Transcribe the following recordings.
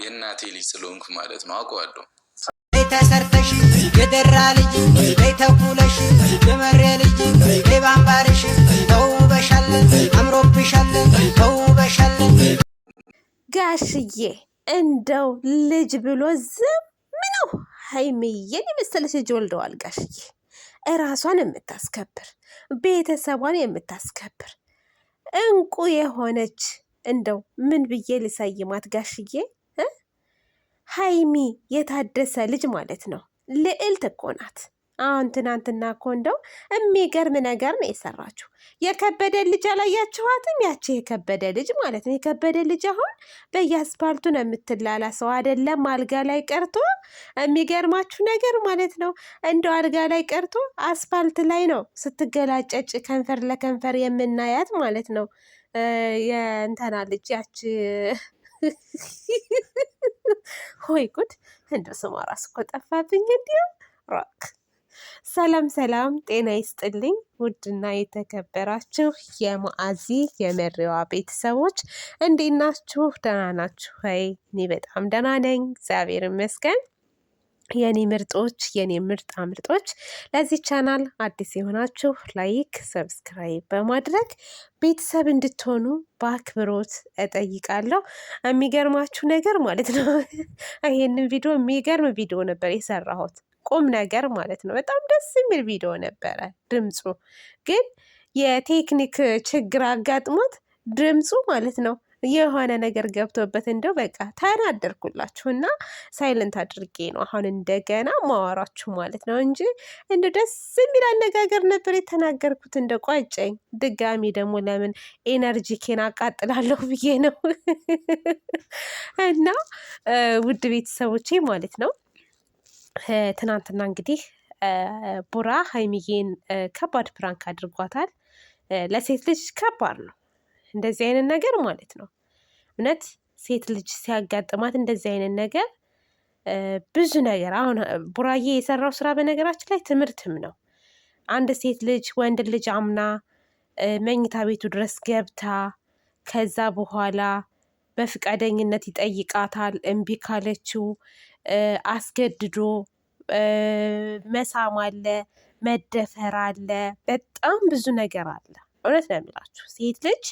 የእናቴ ልጅ ስለሆንኩ ማለት ነው አውቀዋለሁ። ተሰርተሽ የደራ ልጅ ቤተኩለሽ የመሬ ልጅ ባምባርሽ ተውበሻለን፣ አምሮብሻለን፣ ተውበሻለን። ጋሽዬ እንደው ልጅ ብሎ ዝም ነው። ሀይሚዬን የመሰለች ልጅ ወልደዋል ጋሽዬ። እራሷን የምታስከብር ቤተሰቧን የምታስከብር እንቁ የሆነች እንደው ምን ብዬ ልሰይማት ጋሽዬ? ሀይሚ የታደሰ ልጅ ማለት ነው ልዕልት እኮ ናት። አሁን ትናንትና እኮ እንደው የሚገርም ነገር ነው የሰራችሁ። የከበደ ልጅ አላያችኋትም? ያቺ የከበደ ልጅ ማለት ነው። የከበደ ልጅ አሁን በየአስፓልቱ ነው የምትላላ ሰው አይደለም። አልጋ ላይ ቀርቶ የሚገርማችሁ ነገር ማለት ነው እንደው አልጋ ላይ ቀርቶ አስፓልት ላይ ነው ስትገላጨጭ ከንፈር ለከንፈር የምናያት ማለት ነው የእንተና ልጅ ያቺ ወይ ጉድ! እንደ ስሟ ራስ እኮ ጠፋብኝ። እንዲያ ራክ ሰላም ሰላም፣ ጤና ይስጥልኝ። ውድና የተከበራችሁ የማአዚ የመሪዋ ቤተሰቦች እንዴት ናችሁ? ደህና ናችሁ ወይ? እኔ በጣም ደህና ነኝ፣ እግዚአብሔር ይመስገን። የኔ ምርጦች የኔ ምርጣ ምርጦች ለዚህ ቻናል አዲስ የሆናችሁ ላይክ፣ ሰብስክራይብ በማድረግ ቤተሰብ እንድትሆኑ በአክብሮት እጠይቃለሁ። የሚገርማችሁ ነገር ማለት ነው ይሄንን ቪዲዮ የሚገርም ቪዲዮ ነበር የሰራሁት ቁም ነገር ማለት ነው። በጣም ደስ የሚል ቪዲዮ ነበረ። ድምፁ ግን የቴክኒክ ችግር አጋጥሞት ድምፁ ማለት ነው የሆነ ነገር ገብቶበት እንደው በቃ ተናደርኩላችሁ እና ሳይለንት አድርጌ ነው አሁን እንደገና ማዋራችሁ ማለት ነው እንጂ እንደ ደስ የሚል አነጋገር ነበር የተናገርኩት። እንደ ቋጨኝ ድጋሚ ደግሞ ለምን ኤነርጂ ኬን አቃጥላለሁ ብዬ ነው እና ውድ ቤተሰቦቼ ማለት ነው ትናንትና እንግዲህ ቡራ ሀይሚዬን ከባድ ፕራንክ አድርጓታል። ለሴት ልጅ ከባድ ነው። እንደዚህ አይነት ነገር ማለት ነው። እውነት ሴት ልጅ ሲያጋጥማት እንደዚህ አይነት ነገር ብዙ ነገር አሁን ቡራዬ የሰራው ስራ በነገራችን ላይ ትምህርትም ነው። አንድ ሴት ልጅ ወንድ ልጅ አምና መኝታ ቤቱ ድረስ ገብታ ከዛ በኋላ በፍቃደኝነት ይጠይቃታል። እምቢ ካለችው አስገድዶ መሳም አለ፣ መደፈር አለ፣ በጣም ብዙ ነገር አለ። እውነት ነው የምላችሁ ሴት ልጅ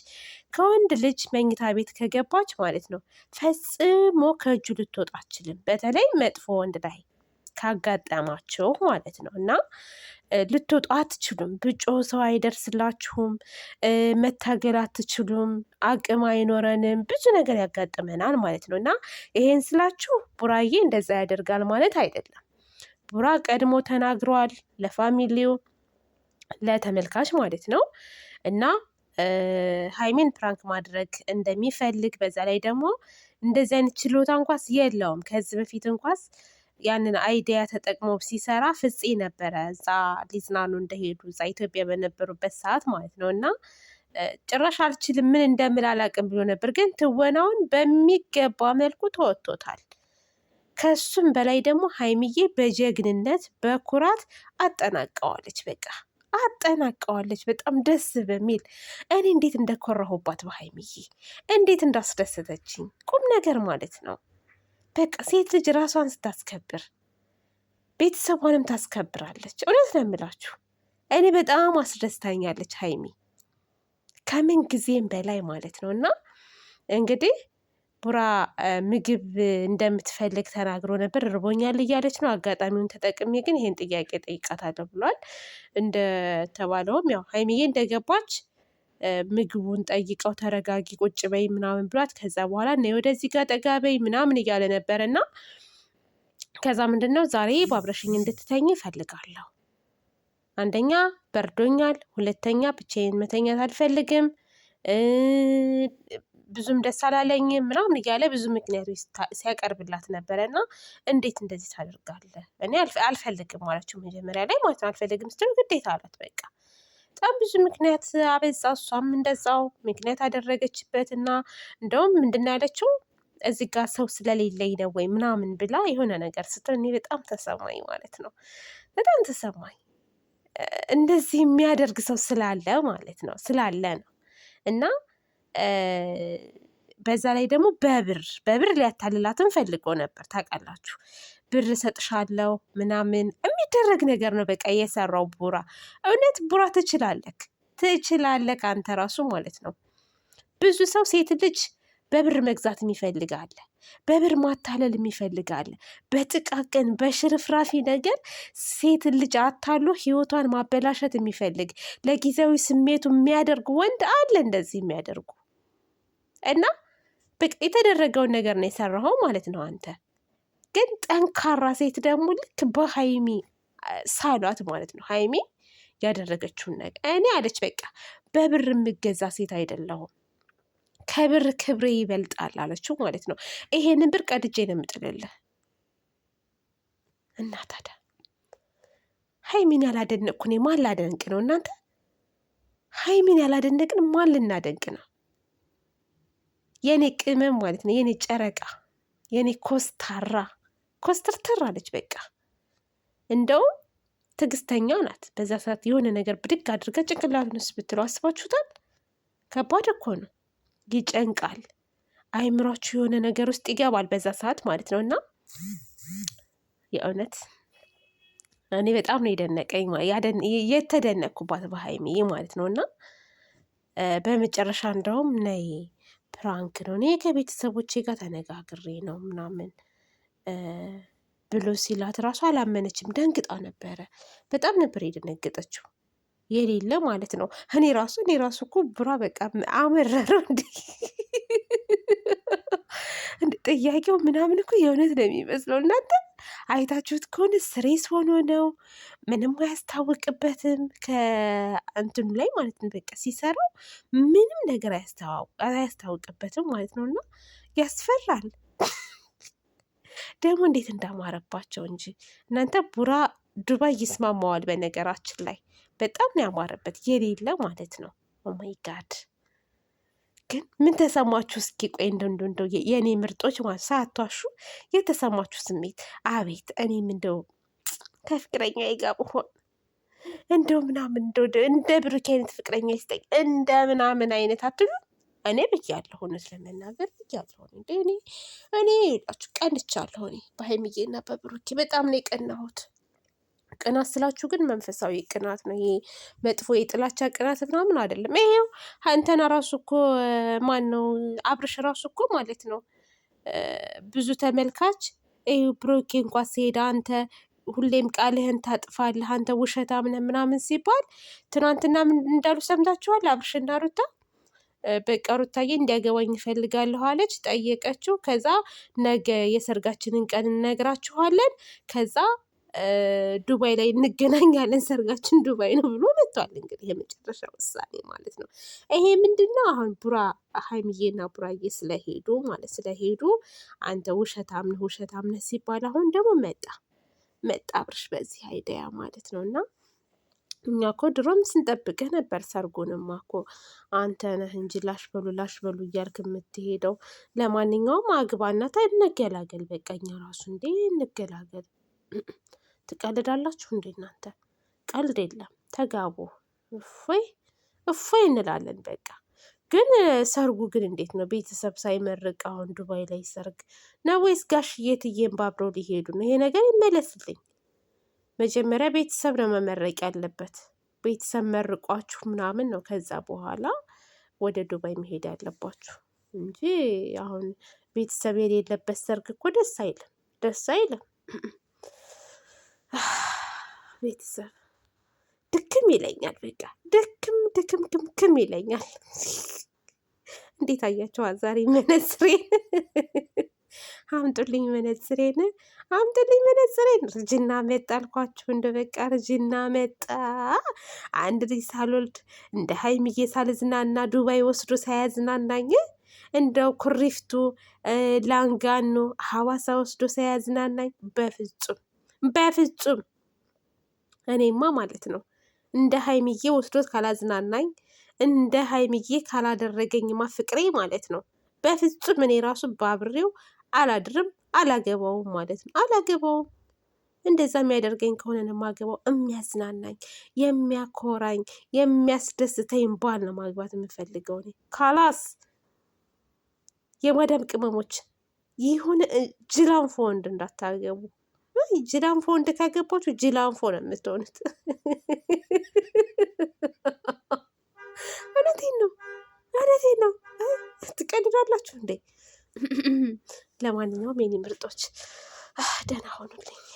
ከወንድ ልጅ መኝታ ቤት ከገባች ማለት ነው ፈጽሞ ከእጁ ልትወጣ አችልም። በተለይ መጥፎ ወንድ ላይ ካጋጠማቸው ማለት ነው እና ልትወጡ አትችሉም። ብጮ ሰው አይደርስላችሁም። መታገል አትችሉም። አቅም አይኖረንም። ብዙ ነገር ያጋጥመናል ማለት ነው እና ይሄን ስላችሁ ቡራዬ እንደዛ ያደርጋል ማለት አይደለም። ቡራ ቀድሞ ተናግሯል ለፋሚሊው ለተመልካች ማለት ነው። እና ሀይሜን ፕራንክ ማድረግ እንደሚፈልግ በዛ ላይ ደግሞ እንደዚህ አይነት ችሎታ እንኳስ የለውም። ከዚህ በፊት እንኳስ ያንን አይዲያ ተጠቅሞ ሲሰራ ፍፄ ነበረ እዛ ሊዝናኑ እንደሄዱ እዛ ኢትዮጵያ በነበሩበት ሰዓት ማለት ነው እና ጭራሽ አልችልም ምን እንደምል አላውቅም ብሎ ነበር። ግን ትወናውን በሚገባ መልኩ ተወጥቶታል። ከሱም በላይ ደግሞ ሀይምዬ በጀግንነት በኩራት አጠናቀዋለች በቃ አጠናቀዋለች። በጣም ደስ በሚል እኔ እንዴት እንደኮራሁባት በሀይሚዬ እንዴት እንዳስደሰተችኝ ቁም ነገር ማለት ነው። በቃ ሴት ልጅ ራሷን ስታስከብር ቤተሰቧንም ታስከብራለች። እውነት ነው የምላችሁ፣ እኔ በጣም አስደስታኛለች ሀይሚ ከምን ጊዜም በላይ ማለት ነው እና እንግዲህ ቡራ ምግብ እንደምትፈልግ ተናግሮ ነበር። እርቦኛል እያለች ነው። አጋጣሚውን ተጠቅሜ ግን ይሄን ጥያቄ ጠይቃታለሁ ብሏል። እንደተባለውም ያው ሀይሚዬ እንደገባች ምግቡን ጠይቀው ተረጋጊ ቁጭ በይ ምናምን ብሏት ከዛ በኋላ ነይ ወደዚህ ጋር ጠጋ በይ ምናምን እያለ ነበር እና ከዛ ምንድን ነው ዛሬ ባብረሽኝ እንድትተኝ እፈልጋለሁ። አንደኛ በርዶኛል፣ ሁለተኛ ብቻዬን መተኛት አልፈልግም ብዙም ደስ አላለኝም ምናምን እያለ ብዙ ምክንያቱ ሲያቀርብላት ነበረ እና እንዴት እንደዚህ ታደርጋለ እኔ አልፈልግም አለችው መጀመሪያ ላይ ማለት ነው። አልፈልግም ስትል ግዴታ አላት በቃ በጣም ብዙ ምክንያት አበዛ። እሷም እንደዛው ምክንያት አደረገችበት እና እንደውም ምንድን ነው ያለችው እዚህ ጋ ሰው ስለሌለኝ ነው ወይ ምናምን ብላ የሆነ ነገር ስትል እኔ በጣም ተሰማኝ ማለት ነው። በጣም ተሰማኝ እንደዚህ የሚያደርግ ሰው ስላለ ማለት ነው ስላለ ነው እና በዛ ላይ ደግሞ በብር በብር ሊያታልላትም ፈልጎ ነበር። ታውቃላችሁ ብር እሰጥሻለሁ ምናምን የሚደረግ ነገር ነው። በቃ የሰራው ቡራ እውነት ቡራ ትችላለክ፣ ትችላለክ አንተ ራሱ ማለት ነው። ብዙ ሰው ሴት ልጅ በብር መግዛት የሚፈልጋለ፣ በብር ማታለል የሚፈልጋለ፣ በጥቃቅን በሽርፍራፊ ነገር ሴት ልጅ አታሎ ህይወቷን ማበላሸት የሚፈልግ ለጊዜያዊ ስሜቱ የሚያደርጉ ወንድ አለ እንደዚህ የሚያደርጉ እና በቃ የተደረገውን ነገር ነው የሰራኸው ማለት ነው። አንተ ግን ጠንካራ ሴት ደግሞ ልክ በሀይሚ ሳሏት ማለት ነው። ሀይሚ ያደረገችውን ነገር እኔ አለች በቃ በብር የምገዛ ሴት አይደለሁም ከብር ክብሬ ይበልጣል አለችው ማለት ነው። ይሄንን ብር ቀድጄ ነው የምጥልልህ እና ታዲያ ሀይሚን ያላደነቅኩ እኔ ማን ላደንቅ ነው? እናንተ ሀይሚን ያላደነቅን ማን ልናደንቅ ነው? የኔ ቅመም ማለት ነው። የኔ ጨረቃ፣ የኔ ኮስታራ ኮስተርተር አለች። በቃ እንደውም ትዕግስተኛ ናት። በዛ ሰዓት የሆነ ነገር ብድግ አድርጋ ጭንቅላቱን ብትለው አስባችሁታል? ከባድ እኮ ነው። ይጨንቃል። አይምሯችሁ የሆነ ነገር ውስጥ ይገባል በዛ ሰዓት ማለት ነው። እና የእውነት እኔ በጣም ነው የደነቀኝ የተደነቅኩባት በሀይሚዬ ማለት ነው። እና በመጨረሻ እንደውም ነይ ፕራንክ ነው፣ እኔ ከቤተሰቦቼ ጋር ተነጋግሬ ነው ምናምን ብሎ ሲላት ራሱ አላመነችም። ደንግጣ ነበረ። በጣም ነበር የደነገጠችው። የሌለ ማለት ነው። እኔ ራሱ እኔ ራሱ እኮ ቡራ በቃ አመረረው እንዴ አንድ ጥያቄው ምናምን እኮ የእውነት ነው የሚመስለው። እናንተ አይታችሁት ከሆነ ስሬስ ሆኖ ነው ምንም አያስታውቅበትም። ከእንትኑ ላይ ማለት ነው በቃ ሲሰራው ምንም ነገር አያስታውቅበትም ማለት ነው። እና ያስፈራል ደግሞ እንዴት እንዳማረባቸው እንጂ እናንተ ቡራ ዱባይ ይስማማዋል። በነገራችን ላይ በጣም ነው ያማረበት የሌለ ማለት ነው። ኦማይ ጋድ ግን ምን ተሰማችሁ? እስኪ ቆይ እንደው እንደ የእኔ ምርጦች ማለት ሳያቷሹ የተሰማችሁ ስሜት አቤት! እኔም እንደው ከፍቅረኛ ይጋብ ሆን እንደው ምናምን እንደ ብሩክ አይነት ፍቅረኛ ይስጠኝ እንደ ምናምን አይነት አትሉ። እኔ ብያለሁ፣ እውነት ለመናገር ብያለሁ። እኔ እኔ ቀንቻለሁ። እኔ በሀይሚዬና በብሩኬ በጣም ነው የቀናሁት። ቅናት ስላችሁ ግን መንፈሳዊ ቅናት ነው። ይሄ መጥፎ የጥላቻ ቅናት ምናምን አይደለም። ይሄው እንተና ራሱ እኮ ማን ነው አብርሽ ራሱ እኮ ማለት ነው ብዙ ተመልካች ይህ ብሮኬ እንኳ ሲሄድ አንተ ሁሌም ቃልህን ታጥፋለህ አንተ ውሸታም ነህ ምናምን ሲባል ትናንትና እንዳሉ ሰምታችኋል። አብርሽና ሩታ በቃ ሩታዬ እንዲያገባኝ እፈልጋለሁ አለች፣ ጠየቀችው። ከዛ ነገ የሰርጋችንን ቀን እነግራችኋለን ከዛ ዱባይ ላይ እንገናኛለን፣ ሰርጋችን ዱባይ ነው ብሎ መጥቷል። እንግዲህ የመጨረሻ ውሳኔ ማለት ነው። ይሄ ምንድን ነው? አሁን ቡራ ሀይሚዬና ቡራዬ ስለሄዱ ማለት ስለሄዱ አንተ ውሸታም ነህ ውሸታም ነህ ሲባል አሁን ደግሞ መጣ መጣ አብርሽ በዚህ አይዲያ ማለት ነው እና እኛ እኮ ድሮም ስንጠብቅህ ነበር። ሰርጉንም እኮ አንተ ነህ እንጂ ላሽ በሉ ላሽ በሉ እያልክ የምትሄደው። ለማንኛውም አግባና እንገላገል፣ በቃ እኛ ራሱ እንዴ እንገላገል። ትቀልዳላችሁ እንዴ እናንተ? ቀልድ የለም ተጋቡ። እፎይ እፎይ እንላለን በቃ። ግን ሰርጉ ግን እንዴት ነው? ቤተሰብ ሳይመርቅ አሁን ዱባይ ላይ ሰርግ ነው ወይስ ጋሽዬ እትዬም ባብረው ሊሄዱ ነው? ይሄ ነገር ይመለስልኝ። መጀመሪያ ቤተሰብ ነው መመረቅ ያለበት። ቤተሰብ መርቋችሁ ምናምን ነው ከዛ በኋላ ወደ ዱባይ መሄድ ያለባችሁ እንጂ አሁን ቤተሰብ የሌለበት ሰርግ እኮ ደስ አይልም፣ ደስ አይልም። ቤተሰብ ድክም ይለኛል። በቃ ድክም ድክም ድምክም ይለኛል። እንዴት አያቸዋል? ዛሬ መነጽሬን አምጡልኝ፣ መነጽሬን አምጡልኝ፣ መነጽሬን ርጅና መጣ አልኳችሁ። እንደ በቃ ርጅና መጣ። አንድ ልጅ ሳልወልድ እንደ ሀይሚዬ ሳልዝናና ዱባይ ወስዶ ሳያዝናናኝ እንደው ኩሪፍቱ ላንጋኖ ሀዋሳ ወስዶ ሳያዝናናኝ በፍጹም በፍጹም እኔማ ማለት ነው እንደ ሀይሚዬ ወስዶት ካላዝናናኝ እንደ ሀይሚዬ ካላደረገኝማ ፍቅሬ ማለት ነው በፍጹም እኔ ራሱ ባብሬው አላድርም አላገባውም ማለት ነው። አላገባውም እንደዛ የሚያደርገኝ ከሆነ ነው የሚያዝናናኝ፣ የሚያኮራኝ፣ የሚያስደስተኝ ባል ነው ማግባት የምፈልገው እኔ። ካላስ የመዳም ቅመሞች የሆነ ጅላንፎ ወንድ እንዳታገቡ። ጅላንፎ እንደካገባችሁ ጅላንፎ ነው የምትሆኑት። እውነቴን ነው፣ እውነቴን ነው። ትቀድዳላችሁ እንዴ? ለማንኛውም የኔ ምርጦች ደህና ሆኑልኝ።